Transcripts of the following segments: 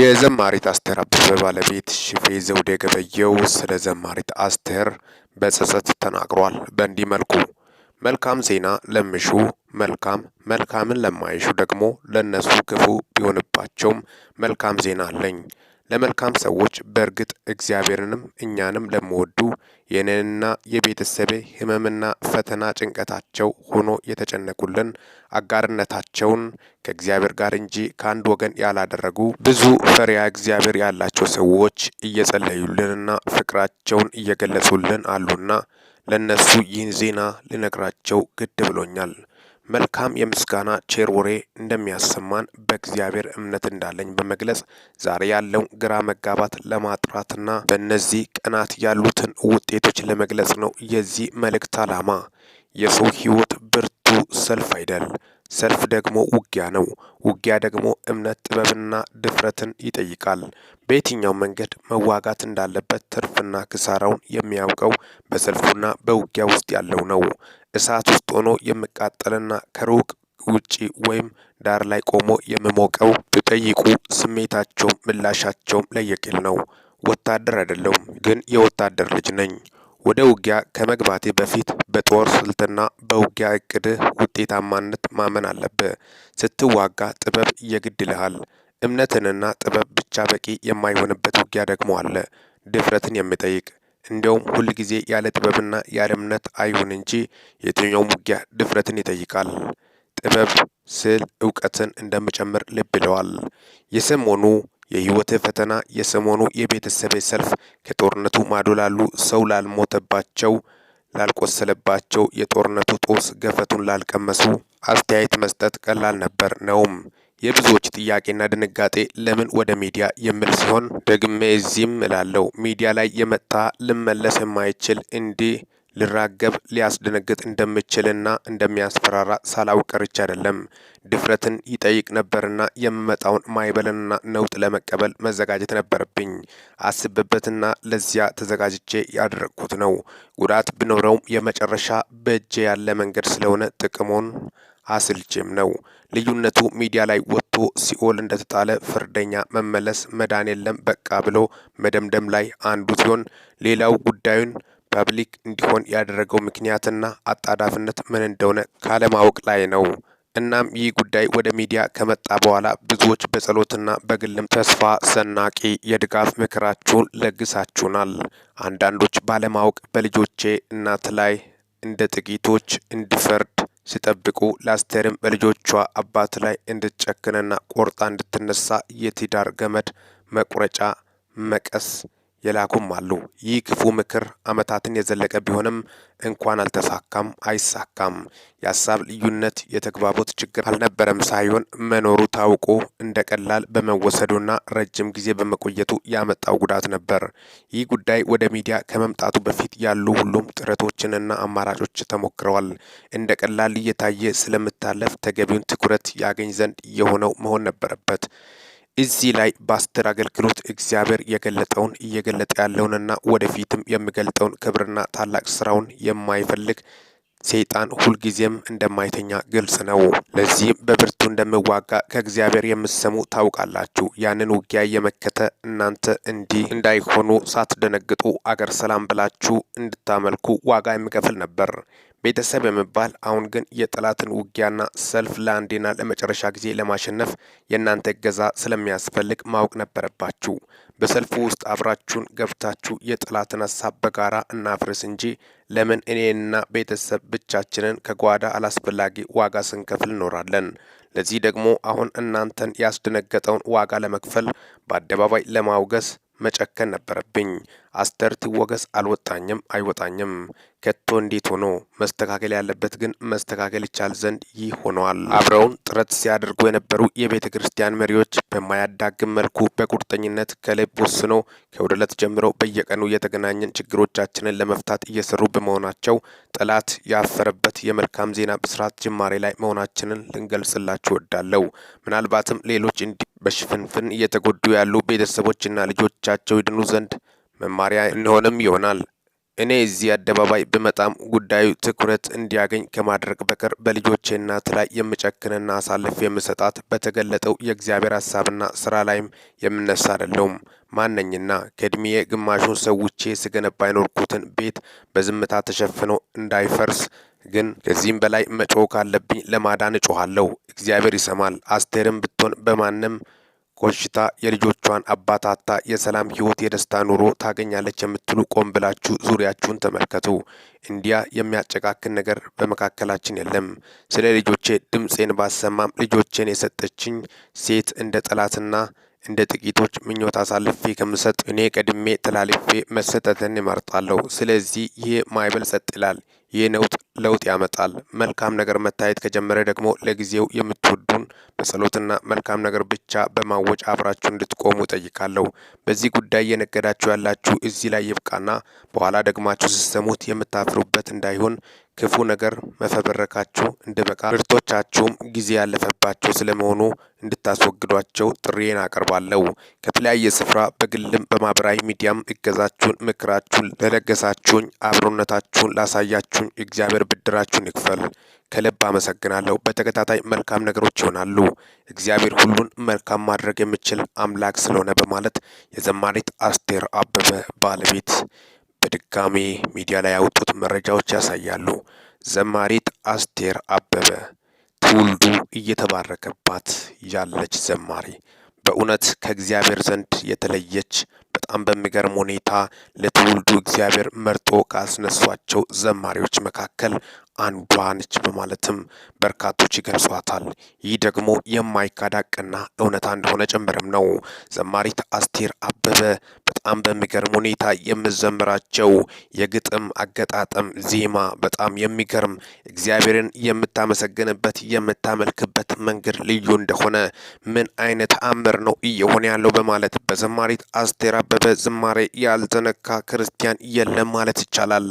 የዘማሪት አስቴር አበበ ባለቤት ሽፌ ዘውዴ ገበየው ስለ ዘማሪት አስቴር በጸጸት ተናግሯል። በእንዲህ መልኩ መልካም ዜና ለምሹ መልካም መልካምን ለማይሹ ደግሞ ለእነሱ ክፉ ቢሆንባቸውም መልካም ዜና አለኝ። ለመልካም ሰዎች በእርግጥ እግዚአብሔርንም እኛንም ለመወዱ የኔንና የቤተሰቤ ህመምና ፈተና ጭንቀታቸው ሆኖ የተጨነቁልን አጋርነታቸውን ከእግዚአብሔር ጋር እንጂ ከአንድ ወገን ያላደረጉ ብዙ ፈሪያ እግዚአብሔር ያላቸው ሰዎች እየጸለዩልንና ፍቅራቸውን እየገለጹልን አሉና ለእነሱ ይህን ዜና ልነግራቸው ግድ ብሎኛል። መልካም የምስጋና ቼር ወሬ እንደሚያሰማን በእግዚአብሔር እምነት እንዳለኝ በመግለጽ ዛሬ ያለውን ግራ መጋባት ለማጥራትና በእነዚህ ቀናት ያሉትን ውጤቶች ለመግለጽ ነው የዚህ መልእክት ዓላማ። የሰው ህይወት ብርቱ ሰልፍ አይደል፣ ሰልፍ ደግሞ ውጊያ ነው። ውጊያ ደግሞ እምነት ጥበብና ድፍረትን ይጠይቃል። በየትኛው መንገድ መዋጋት እንዳለበት ትርፍና ክሳራውን የሚያውቀው በሰልፉና በውጊያ ውስጥ ያለው ነው። እሳት ውስጥ ሆኖ የምቃጠልና ከሩቅ ውጪ ወይም ዳር ላይ ቆሞ የምሞቀው ብጠይቁ ስሜታቸውም ምላሻቸውም ለየቅል ነው። ወታደር አይደለሁም፣ ግን የወታደር ልጅ ነኝ። ወደ ውጊያ ከመግባቴ በፊት በጦር ስልትና በውጊያ እቅድህ ውጤታማነት ማመን አለብህ። ስትዋጋ ጥበብ እየግድ ይልሃል። እምነትንና ጥበብ ብቻ በቂ የማይሆንበት ውጊያ ደግሞ አለ፣ ድፍረትን የሚጠይቅ እንዲያውም ሁል ጊዜ ያለ ጥበብና ያለ እምነት አይሁን እንጂ የትኛውም ውጊያ ድፍረትን ይጠይቃል። ጥበብ ስል እውቀትን እንደምጨምር ልብ ይለዋል። የሰሞኑ የህይወት ፈተና፣ የሰሞኑ የቤተሰቤ ሰልፍ ከጦርነቱ ማዶ ላሉ ሰው ላልሞተባቸው፣ ላልቆሰለባቸው፣ የጦርነቱ ጦስ ገፈቱን ላልቀመሱ አስተያየት መስጠት ቀላል ነበር ነውም የብዙዎች ጥያቄና ድንጋጤ ለምን ወደ ሚዲያ የምል ሲሆን ደግሜ እዚህም እላለው ሚዲያ ላይ የመጣ ልመለስ የማይችል እንዲህ ልራገብ ሊያስደነግጥ እንደምችልና እንደሚያስፈራራ ሳላውቅ ቀርቼ አይደለም። ድፍረትን ይጠይቅ ነበርና የምመጣውን ማይበልንና ነውጥ ለመቀበል መዘጋጀት ነበረብኝ። አስብበትና ለዚያ ተዘጋጅቼ ያደረግኩት ነው። ጉዳት ቢኖረውም የመጨረሻ በእጄ ያለ መንገድ ስለሆነ ጥቅሙን አስልቼም ነው። ልዩነቱ ሚዲያ ላይ ወጥቶ ሲኦል እንደተጣለ ፍርደኛ መመለስ መዳን የለም በቃ ብሎ መደምደም ላይ አንዱ ሲሆን ሌላው ጉዳዩን ፐብሊክ እንዲሆን ያደረገው ምክንያትና አጣዳፊነት ምን እንደሆነ ካለማወቅ ላይ ነው። እናም ይህ ጉዳይ ወደ ሚዲያ ከመጣ በኋላ ብዙዎች በጸሎትና በግልም ተስፋ ሰናቂ የድጋፍ ምክራችሁን ለግሳችሁናል። አንዳንዶች ባለማወቅ በልጆቼ እናት ላይ እንደ ጥቂቶች እንዲፈርድ ሲጠብቁ ለአስቴርም በልጆቿ አባት ላይ እንድትጨክንና ቆርጣ እንድትነሳ የትዳር ገመድ መቁረጫ መቀስ የላኩም አሉ። ይህ ክፉ ምክር ዓመታትን የዘለቀ ቢሆንም እንኳን አልተሳካም፣ አይሳካም። የሀሳብ ልዩነት የተግባቦት ችግር አልነበረም ሳይሆን መኖሩ ታውቆ እንደ ቀላል በመወሰዱና ረጅም ጊዜ በመቆየቱ ያመጣው ጉዳት ነበር። ይህ ጉዳይ ወደ ሚዲያ ከመምጣቱ በፊት ያሉ ሁሉም ጥረቶችንና አማራጮች ተሞክረዋል። እንደ ቀላል እየታየ ስለምታለፍ ተገቢውን ትኩረት ያገኝ ዘንድ የሆነው መሆን ነበረበት። እዚህ ላይ በአስተር አገልግሎት እግዚአብሔር የገለጠውን እየገለጠ ያለውንና ወደፊትም የሚገልጠውን ክብርና ታላቅ ስራውን የማይፈልግ ሰይጣን ሁልጊዜም እንደማይተኛ ግልጽ ነው። ለዚህም በብርቱ እንደምዋጋ ከእግዚአብሔር የምትሰሙ ታውቃላችሁ። ያንን ውጊያ የመከተ እናንተ እንዲህ እንዳይሆኑ ሳትደነግጡ አገር ሰላም ብላችሁ እንድታመልኩ ዋጋ የሚከፍል ነበር። ቤተሰብ የመባል አሁን ግን የጠላትን ውጊያና ሰልፍ ለአንዴና ለመጨረሻ ጊዜ ለማሸነፍ የእናንተ እገዛ ስለሚያስፈልግ ማወቅ ነበረባችሁ። በሰልፉ ውስጥ አብራችሁን ገብታችሁ የጠላትን ሀሳብ በጋራ እናፍርስ እንጂ ለምን እኔና ቤተሰብ ብቻችንን ከጓዳ አላስፈላጊ ዋጋ ስንከፍል እኖራለን? ለዚህ ደግሞ አሁን እናንተን ያስደነገጠውን ዋጋ ለመክፈል በአደባባይ ለማውገስ መጨከን ነበረብኝ። አስተር ትወገስ አልወጣኝም አይወጣኝም ከቶ እንዴት ሆኖ መስተካከል ያለበት ግን መስተካከል ይቻል ዘንድ ይህ ሆኗል። አብረውን ጥረት ሲያደርጉ የነበሩ የቤተ ክርስቲያን መሪዎች በማያዳግም መልኩ በቁርጠኝነት ከልብ ወስኖ ከእሁድ ዕለት ጀምሮ በየቀኑ የተገናኘን ችግሮቻችንን ለመፍታት እየሰሩ በመሆናቸው ጠላት ያፈረበት የመልካም ዜና ብስራት ጅማሬ ላይ መሆናችንን ልንገልጽላችሁ ወዳለው ምናልባትም ሌሎች እንዲ በሽፍንፍን እየተጎዱ ያሉ ቤተሰቦችና ልጆቻቸው ይድኑ ዘንድ መማሪያ እንሆንም ይሆናል። እኔ እዚህ አደባባይ ብመጣም ጉዳዩ ትኩረት እንዲያገኝ ከማድረግ በቀር በልጆቼ እናት ላይ የምጨክንና አሳልፍ የምሰጣት በተገለጠው የእግዚአብሔር ሀሳብና ስራ ላይም የምነሳ አይደለውም። ማነኝና ከእድሜዬ ግማሹን ሰውቼ ስገነባ የኖርኩትን ቤት በዝምታ ተሸፍኖ እንዳይፈርስ ግን ከዚህም በላይ መጮህ ካለብኝ ለማዳን እጮኋለሁ፣ እግዚአብሔር ይሰማል። አስቴርም ብትሆን በማንም ኮሽታ የልጆቿን አባታታ የሰላም ህይወት የደስታ ኑሮ ታገኛለች የምትሉ ቆም ብላችሁ ዙሪያችሁን ተመልከቱ። እንዲያ የሚያጨቃክን ነገር በመካከላችን የለም። ስለ ልጆቼ ድምፄን ባሰማም ልጆቼን የሰጠችኝ ሴት እንደ ጠላትና እንደ ጥቂቶች ምኞት አሳልፌ ከምሰጥ እኔ ቀድሜ ተላልፌ መሰጠትን ይመርጣለሁ። ስለዚህ ይህ ማይበል ጸጥ ይላል። ይህ ነውጥ ለውጥ ያመጣል። መልካም ነገር መታየት ከጀመረ ደግሞ ለጊዜው የምትወዱን በጸሎትና መልካም ነገር ብቻ በማወጭ አብራችሁ እንድትቆሙ ጠይቃለሁ። በዚህ ጉዳይ የነገዳችሁ ያላችሁ እዚህ ላይ ይብቃና በኋላ ደግማችሁ ስትሰሙት የምታፍሩበት እንዳይሆን ክፉ ነገር መፈበረካችሁ እንድበቃ ምርቶቻችሁም ጊዜ ያለፈባቸው ስለመሆኑ እንድታስወግዷቸው ጥሪዬን አቀርባለሁ። ከተለያየ ስፍራ በግልም በማህበራዊ ሚዲያም እገዛችሁን፣ ምክራችሁን ለለገሳችሁኝ፣ አብሮነታችሁን ላሳያችሁኝ እግዚአብሔር እግዚአብሔር ብድራችሁን ይክፈል። ከልብ አመሰግናለሁ። በተከታታይ መልካም ነገሮች ይሆናሉ። እግዚአብሔር ሁሉን መልካም ማድረግ የሚችል አምላክ ስለሆነ በማለት የዘማሪት አስቴር አበበ ባለቤት በድጋሜ ሚዲያ ላይ ያወጡት መረጃዎች ያሳያሉ። ዘማሪት አስቴር አበበ ትውልዱ እየተባረከባት ያለች ዘማሪ በእውነት ከእግዚአብሔር ዘንድ የተለየች በጣም በሚገርም ሁኔታ ለትውልዱ እግዚአብሔር መርጦ ካስነሷቸው ዘማሪዎች መካከል አንዷ ነች በማለትም በርካቶች ይገልጿታል። ይህ ደግሞ የማይካድ ሀቅና እውነታ እንደሆነ ጭምርም ነው። ዘማሪት አስቴር አበበ በጣም በሚገርም ሁኔታ የምዘምራቸው የግጥም አገጣጠም፣ ዜማ በጣም የሚገርም እግዚአብሔርን የምታመሰግንበት የምታመልክበት መንገድ ልዩ እንደሆነ ምን አይነት አምር ነው እየሆነ ያለው በማለት በዘማሪት አስቴር ያበበ ዝማሬ ያልተነካ ክርስቲያን የለም ማለት ይቻላል።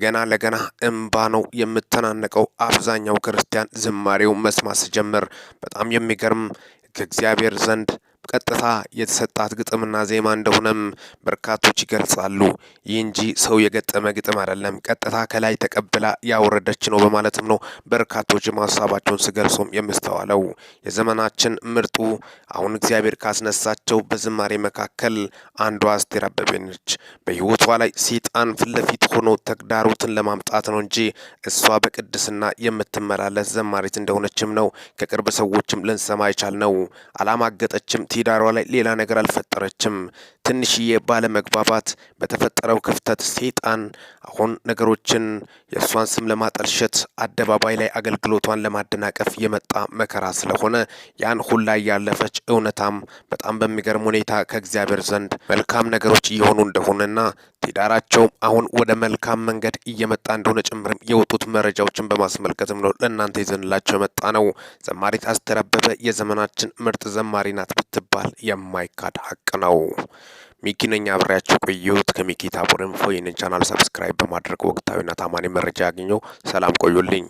ገና ለገና እምባ ነው የምተናነቀው። አብዛኛው ክርስቲያን ዝማሬው መስማት ሲጀምር በጣም የሚገርም ከእግዚአብሔር ዘንድ ቀጥታ የተሰጣት ግጥምና ዜማ እንደሆነም በርካቶች ይገልጻሉ። ይህ እንጂ ሰው የገጠመ ግጥም አይደለም፣ ቀጥታ ከላይ ተቀብላ ያወረደች ነው በማለትም ነው በርካቶች ሀሳባቸውን ስገልጾም የምስተዋለው። የዘመናችን ምርጡ አሁን እግዚአብሔር ካስነሳቸው በዝማሬ መካከል አንዷ አስቴር አበቤ ነች። ላይ ሰይጣን ፊት ለፊት ሆኖ ተግዳሮትን ለማምጣት ነው እንጂ እሷ በቅድስና የምትመላለስ ዘማሪት እንደሆነችም ነው ከቅርብ ሰዎችም ልንሰማ ይቻል ነው። አላማገጠችም በትዳሯ ላይ ሌላ ነገር አልፈጠረችም። ትንሽዬ ባለመግባባት በተፈጠረው ክፍተት ሰይጣን አሁን ነገሮችን የእሷን ስም ለማጠልሸት አደባባይ ላይ አገልግሎቷን ለማደናቀፍ የመጣ መከራ ስለሆነ ያን ሁላ ያለፈች እውነታም በጣም በሚገርም ሁኔታ ከእግዚአብሔር ዘንድ መልካም ነገሮች እየሆኑ እንደሆነና ትዳራቸውም አሁን ወደ መልካም መንገድ እየመጣ እንደሆነ ጭምርም የወጡት መረጃዎችን በማስመልከትም ነው ለእናንተ ይዘንላቸው የመጣ ነው። ዘማሪት አስቴር አበበ የዘመናችን ምርጥ ዘማሪ ናት ብትባል የማይካድ ሀቅ ነው። ሚኪ ነኝ ቆዩት ቆየሁት። ከሚኪ ታቦር ኢንፎ ይህንን ቻናል ሰብስክራይብ በማድረግ ወቅታዊና ታማኒ መረጃ ያገኘው። ሰላም ቆዩልኝ።